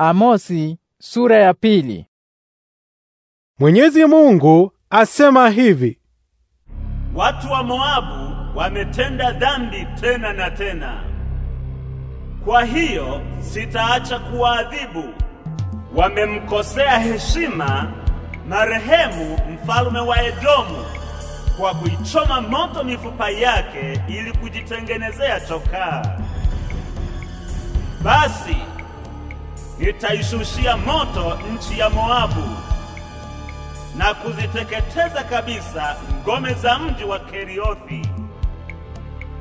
Amosi sura ya pili. Mwenyezi Mungu asema hivi: Watu wa Moabu wametenda dhambi tena na tena, kwa hiyo sitaacha kuwaadhibu. Wamemkosea heshima marehemu mfalme wa Edomu kwa kuichoma moto mifupa yake ili kujitengenezea chokaa. Basi nitaishushia moto nchi ya Moabu na kuziteketeza kabisa ngome za mji wa Keriothi.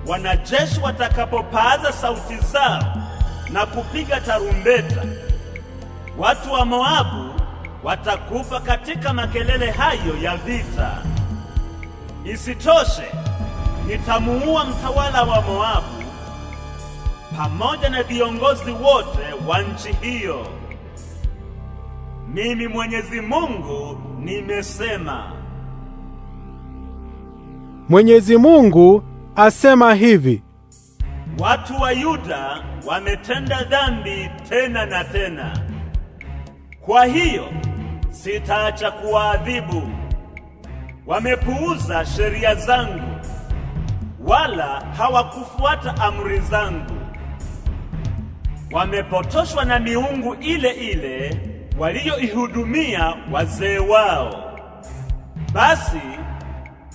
Wanajeshi watakapopaaza sauti zao na kupiga tarumbeta, watu wa Moabu watakufa katika makelele hayo ya vita. Isitoshe, nitamuua mtawala wa Moabu pamoja na viongozi wote wa nchi hiyo. Mimi Mwenyezi Mungu nimesema. Mwenyezi Mungu asema hivi: watu wa Yuda wametenda dhambi tena na tena, kwa hiyo sitaacha kuwaadhibu. Wamepuuza sheria zangu, wala hawakufuata amri zangu wamepotoshwa na miungu ile ile waliyoihudumia wazee wao. Basi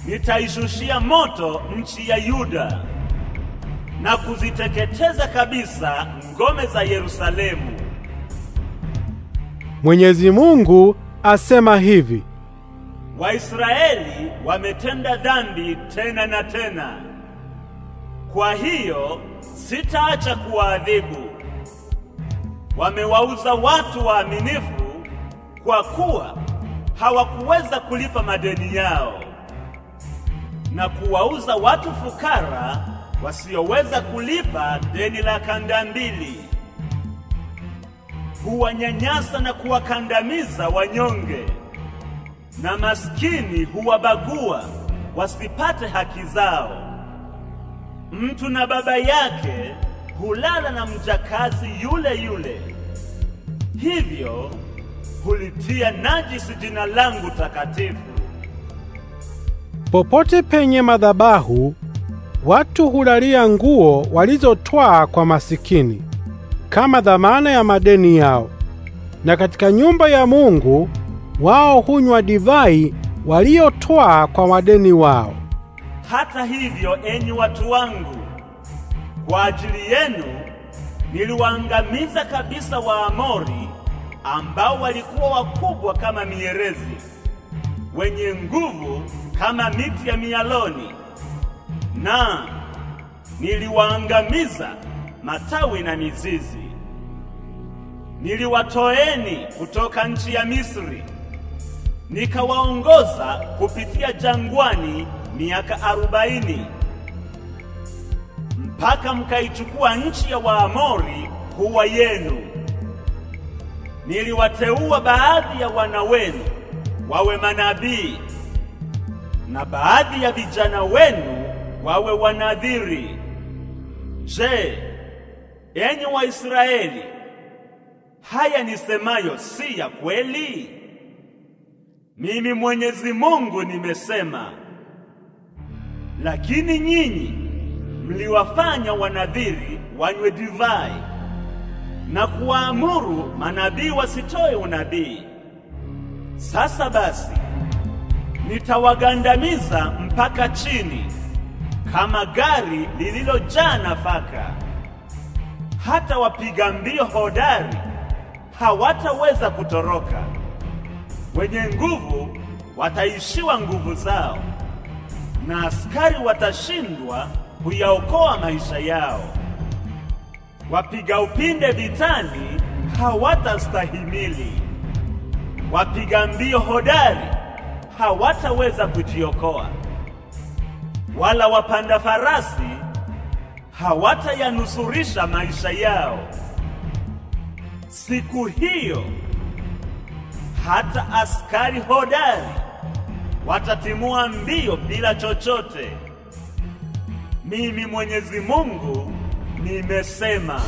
nitaishushia moto nchi ya Yuda na kuziteketeza kabisa ngome za Yerusalemu. Mwenyezi Mungu asema hivi: Waisraeli wametenda dhambi tena na tena, kwa hiyo sitaacha kuwaadhibu wamewauza watu waaminifu kwa kuwa hawakuweza kulipa madeni yao na kuwauza watu fukara wasioweza kulipa deni la kanda mbili. Huwanyanyasa na kuwakandamiza wanyonge na maskini, huwabagua wasipate haki zao. Mtu na baba yake hulala na mjakazi yule yule hivyo hulitia najisi jina langu takatifu. Popote penye madhabahu watu hulalia nguo walizotwaa kwa masikini kama dhamana ya madeni yao, na katika nyumba ya Mungu wao hunywa divai waliyotwaa kwa wadeni wao. Hata hivyo, enyi watu wangu, kwa ajili yenu niliwaangamiza kabisa Waamori ambao walikuwa wakubwa kama mierezi, wenye nguvu kama miti ya mialoni, na niliwaangamiza matawi na mizizi. Niliwatoeni kutoka nchi ya Misri, nikawaongoza kupitia jangwani miaka arobaini mpaka mkaichukua nchi ya Waamori kuwa yenu niliwateua baadhi ya wana wenu wawe manabii na baadhi ya vijana wenu wawe wanadhiri. Je, enyi Waisraeli, haya nisemayo si ya kweli? Mimi Mwenyezi Mungu nimesema. Lakini nyinyi mliwafanya wanadhiri wanywe divai na kuwaamuru manabii wasitoe unabii. Sasa basi nitawagandamiza mpaka chini kama gari lililojaa nafaka. Hata wapiga mbio hodari hawataweza kutoroka, wenye nguvu wataishiwa nguvu zao, na askari watashindwa kuyaokoa maisha yao. Wapiga upinde vitani hawatastahimili. Wapiga mbio hodari hawataweza kujiokoa, wala wapanda farasi hawatayanusurisha maisha yao. Siku hiyo hata askari hodari watatimua mbio bila chochote. Mimi Mwenyezi Mungu Nimesema.